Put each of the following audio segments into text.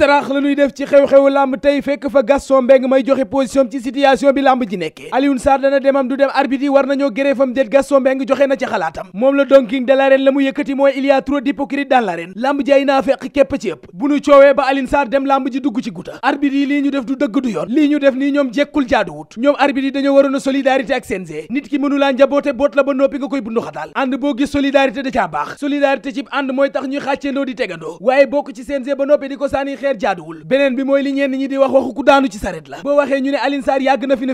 sarax la ñuy def ci xew-xewu làmb tey fekk fa Gaston Mbengue may joxe position ci situation bi làmb ji nekkee Alioune Sarr dana demam du dem arbitre yi war nañoo gëreefam déet Gaston Mbengue joxe na ci xalaatam moom la Don King la mu yëkkati mooy il a trop d'hypocrite dans l'arène làmb ji ay naa fekk képp ci ëpp bu ñu coowee ba Alioune dem làmb ji dugg ci guta arbitre yi lii ñu def du dëgg du yoon lii ñu def nii ñoom jekkul jaaduwut ñoom arbitre yi dañoo waroon ki mënu laa njaboote boot la ba noppi nga koy bundu xataal ànd boo gis solidarité da caa baax solidarité ci ànd mooy tax ñuy xàccendoo di leer yàgg na fi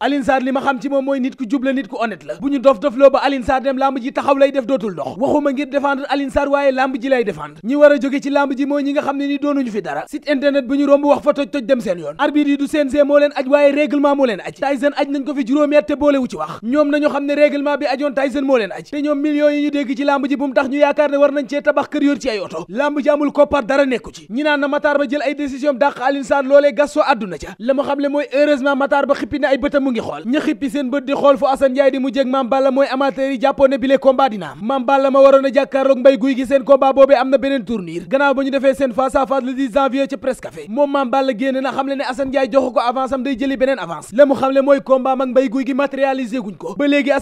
na li ma xam ci moom mooy nit ku jub la nit ku honnête la bu ñu dof dofloo ba Alioune dem lamb ji taxaw lay def dootul dox waxuma ngir défendre Alioune waaye lamb ji lay défendre ñi war a jóge ci lamb ji mooy ñi nga xam ni doonuñu fi dara site internet bu ñu romb wax fa toj toj dem seen yoon arbitre yi du CNG moo leen aj waaye règlement moo leen aj Tyson aj nañ ko fi juróomi at te boolewu ci wax ñoom nañu xam ne règlement bi ajoon Tyson moo leen aj te ñoom millions yi ñu dégg ci lamb ji bu mu tax ñu yaakaar ne war nañ cee tabax kër yor ci ay oto lamb ji amul koppar dara nekku ci ñi na Matar ba jël ay décision dàq Alioune Sarr loolee Gaston àdduna ca la mu mooy heureusement Matar ba xippi na ay bëtam mu ngi xool ña xippi seen bët di xool fu Assane di mu jég Mame Balla mooy amateur yi ne bile combat dina am Balla ma waroon a mbay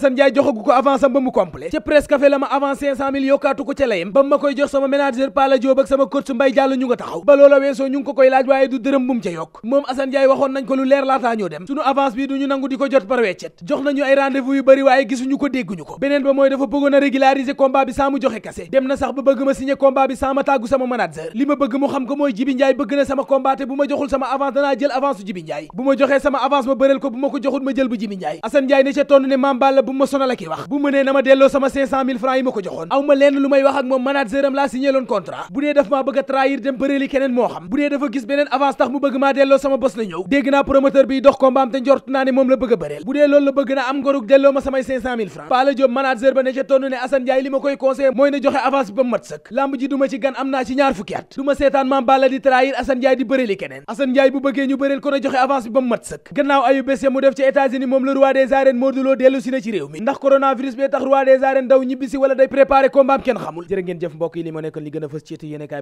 guy togg ba mu complet ca presse café la ma avance 500 mille yokkaatu ko ca layem ba ma koy jox sama manager Pala Joob ak sama coach Mbay Jàll ñu nga taxaw ba loola weesoo ñu ngi koy laaj waaye du dërëm bu ca yokk moom Assane waxoon nañ ko lu leer laataa ñoo dem sunu avance bi duñu nangu di ko jot par weccet jox nañu ay rendez yu bari waaye gisuñu ko dégguñu ko beneen ba mooy dafa bëggoon a régulariser bi saa joxe kase dem na sax ba bëgg Macky wax bu mënee na ma delloo sama 500000 yi ma ko joxoon aw lenn lu may wax ak moom manager am laa signé contrat bu dee daf maa bëgg a dem bëreeli keneen moo xam bu dee dafa gis beneen avance tax mu bëgg maa delloo sama bos na ñëw dégg naa promoteur bi dox combat am te njort naa ne moom la bëgg bëreel bu dee loolu la bëgg naa am ngorug delloo ma samay 500000 francs Pala Diop manager ba ne ca tonn ne Assane li ma koy conseillé mooy na joxe avance coronavirus bee tax roi des arènes daw ñibbisi wala day préparer combat am kenn xamul jërë ngeen jëf mbokk yi li ma nekkoon li gën a fës ci yéene kaay